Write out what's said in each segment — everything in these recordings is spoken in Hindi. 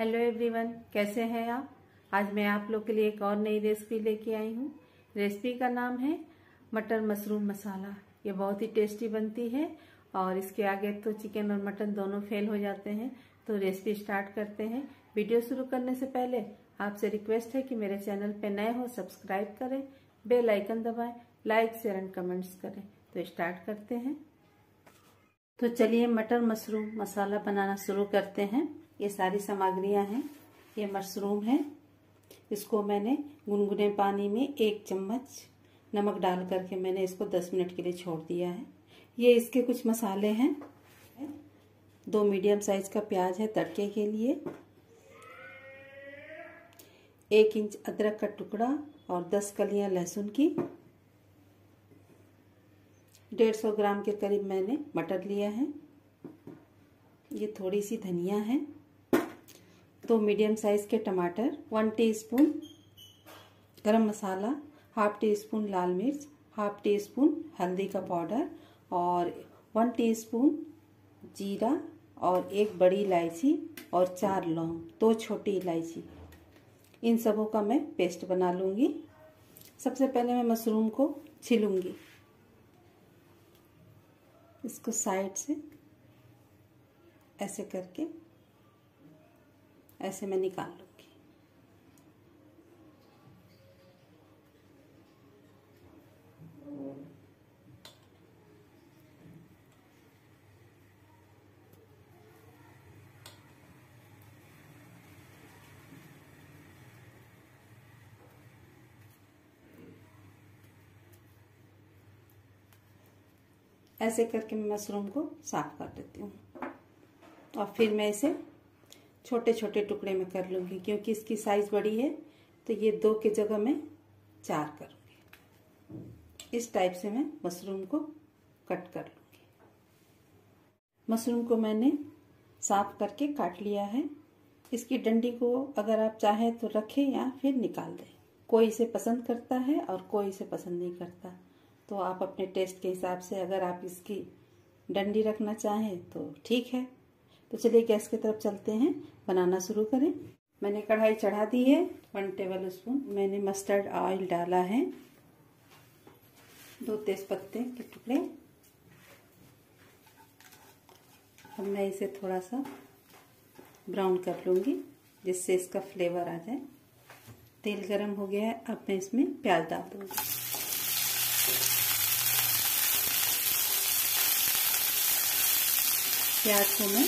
हेलो एवरीवन कैसे हैं आप आज मैं आप लोग के लिए एक और नई रेसिपी लेके आई हूँ रेसिपी का नाम है मटर मशरूम मसाला ये बहुत ही टेस्टी बनती है और इसके आगे तो चिकन और मटन दोनों फेल हो जाते हैं तो रेसिपी स्टार्ट करते हैं वीडियो शुरू करने से पहले आपसे रिक्वेस्ट है कि मेरे चैनल पर नए हो सब्सक्राइब करें बेलाइकन दबाएँ लाइक शेयर एंड कमेंट्स करें तो स्टार्ट करते हैं तो चलिए मटर मशरूम मसाला बनाना शुरू करते हैं ये सारी सामग्रियां हैं ये मशरूम है इसको मैंने गुनगुने पानी में एक चम्मच नमक डाल करके मैंने इसको दस मिनट के लिए छोड़ दिया है ये इसके कुछ मसाले हैं दो मीडियम साइज का प्याज है तड़के के लिए एक इंच अदरक का टुकड़ा और दस कलियां लहसुन की डेढ़ सौ ग्राम के करीब मैंने मटर लिया है ये थोड़ी सी धनिया है दो मीडियम साइज़ के टमाटर one teaspoon garam masala half teaspoon लाल मिर्च हाफ टी स्पून हल्दी का पाउडर और वन टीस्पून जीरा और एक बड़ी इलायची और चार लौंग दो छोटी इलायची इन सबों का मैं पेस्ट बना लूँगी सबसे पहले मैं मशरूम को छिलूँगी इसको साइड से ऐसे करके ऐसे मैं निकाल लूँगी ऐसे करके मैं मशरूम को साफ कर देती हूँ और फिर मैं इसे छोटे छोटे टुकड़े में कर लूँगी क्योंकि इसकी साइज़ बड़ी है तो ये दो के जगह मैं चार करूँगी इस टाइप से मैं मशरूम को कट कर लूँगी मशरूम को मैंने साफ करके काट लिया है इसकी डंडी को अगर आप चाहें तो रखें या फिर निकाल दें कोई इसे पसंद करता है और कोई इसे पसंद नहीं करता तो आप अपने टेस्ट के हिसाब से अगर आप इसकी डंडी रखना चाहें तो ठीक है तो चलिए गैस की तरफ चलते हैं बनाना शुरू करें मैंने कढ़ाई चढ़ा दी है वन टेबल स्पून मैंने मस्टर्ड ऑयल डाला है दो तेज पत्ते के टुकड़े अब मैं इसे थोड़ा सा ब्राउन कर लूँगी जिससे इसका फ्लेवर आ जाए तेल गरम हो गया है अब मैं इसमें प्याज डाल दूँगी प्याज को मैं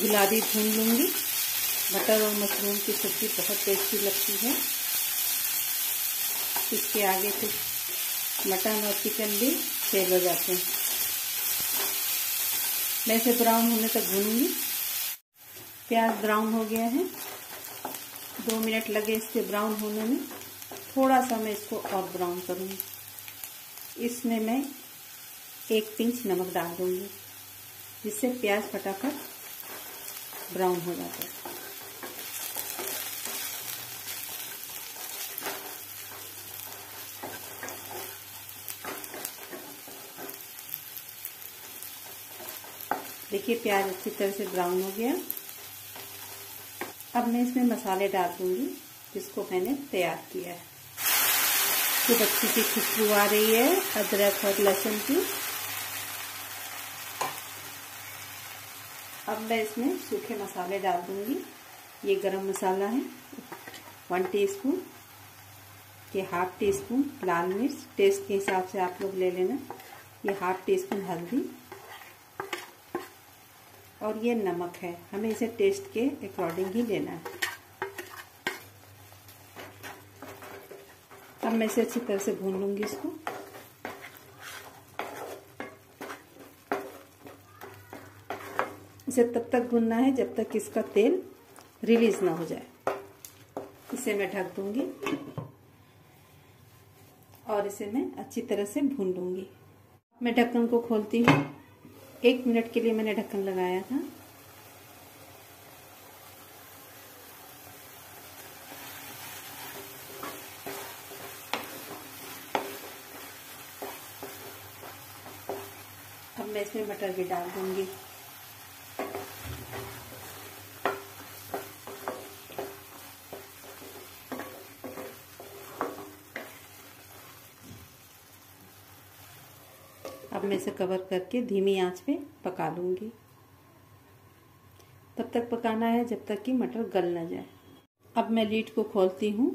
गुलाबी भून लूँगी बटर और मशरूम की सब्ज़ी बहुत टेस्टी लगती है इसके आगे से मटन और चिकन भी सेल हो जाते हैं मैं इसे ब्राउन होने तक भूनूंगी प्याज ब्राउन हो गया है दो मिनट लगे इसके ब्राउन होने में थोड़ा सा मैं इसको और ब्राउन करूँगी इसमें मैं एक पिंच नमक डाल दूँगी जिससे प्याज फटाफट ब्राउन हो जाते हैं देखिए प्याज अच्छी तरह से ब्राउन हो गया अब मैं इसमें मसाले डाल दूंगी जिसको मैंने तैयार किया है खूब अच्छी सी खुशबू आ रही है अदरक और लहसुन की अब मैं इसमें सूखे मसाले डाल दूंगी ये गरम मसाला है वन टीस्पून ये हाफ टी स्पून लाल मिर्च टेस्ट के हिसाब से आप लोग ले लेना ये हाफ टी स्पून हल्दी और ये नमक है हमें इसे टेस्ट के अकॉर्डिंग ही लेना है अब मैं इसे अच्छी तरह से भून लूंगी इसको इसे तब तक भूनना है जब तक इसका तेल रिलीज ना हो जाए इसे मैं ढक दूंगी और इसे मैं अच्छी तरह से भून लूंगी मैं ढक्कन को खोलती हूँ एक मिनट के लिए मैंने ढक्कन लगाया था अब मैं इसमें मटर भी डाल दूंगी अब मैं इसे कवर करके धीमी आंच पे पका लूँगी तब तक पकाना है जब तक कि मटर गल ना जाए अब मैं लीड को खोलती हूँ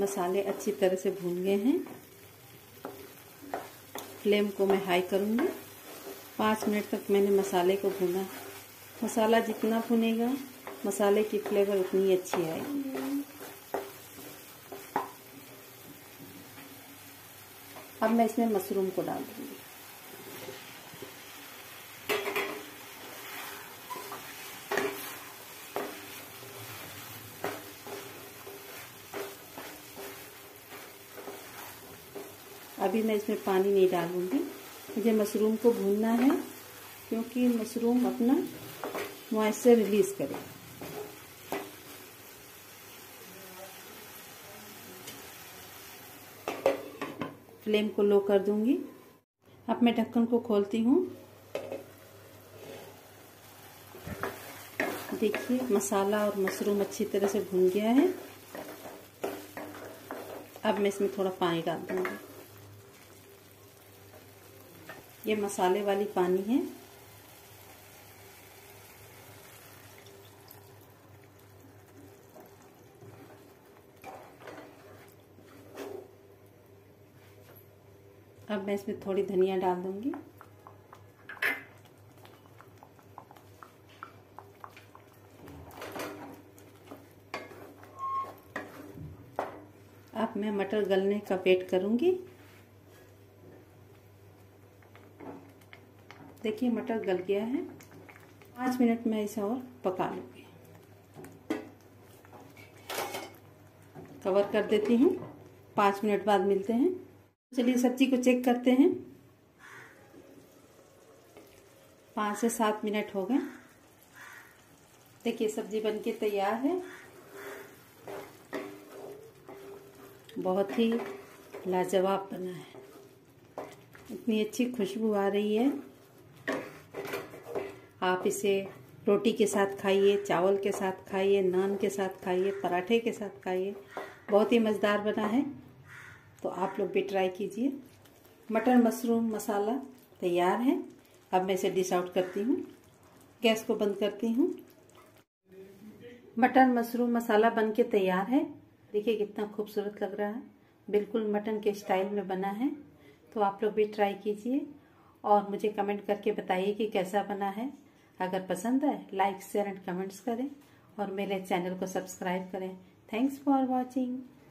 मसाले अच्छी तरह से भून गए हैं फ्लेम को मैं हाई करूँगी पाँच मिनट तक मैंने मसाले को भूना मसाला जितना भुनेगा मसाले की फ्लेवर उतनी अच्छी आएगी अब मैं इसमें मशरूम को डाल दूंगी अभी मैं इसमें पानी नहीं डालूंगी मुझे मशरूम को भूनना है क्योंकि मशरूम अपना मॉइस्चर रिलीज करेगा फ्लेम को लो कर दूंगी अब मैं ढक्कन को खोलती हूँ देखिए मसाला और मशरूम अच्छी तरह से भून गया है अब मैं इसमें थोड़ा पानी डाल दूंगी ये मसाले वाली पानी है अब मैं इसमें थोड़ी धनिया डाल दूंगी अब मैं मटर गलने का वेट करूंगी देखिए मटर गल गया है पांच मिनट में इसे और पका लूंगी कवर कर देती हूँ पाँच मिनट बाद मिलते हैं चलिए सब्जी को चेक करते हैं पाँच से सात मिनट हो गए देखिए सब्जी बनके तैयार है बहुत ही लाजवाब बना है इतनी अच्छी खुशबू आ रही है आप इसे रोटी के साथ खाइए चावल के साथ खाइए नान के साथ खाइए पराठे के साथ खाइए बहुत ही मज़ेदार बना है तो आप लोग भी ट्राई कीजिए मटर मशरूम मसाला तैयार है अब मैं इसे डिश आउट करती हूँ गैस को बंद करती हूँ मटन मशरूम मसाला बन के तैयार है देखिए कितना खूबसूरत लग रहा है बिल्कुल मटन के स्टाइल में बना है तो आप लोग भी ट्राई कीजिए और मुझे कमेंट करके बताइए कि कैसा बना है अगर पसंद है लाइक शेयर एंड कमेंट्स करें और मेरे चैनल को सब्सक्राइब करें थैंक्स फॉर वॉचिंग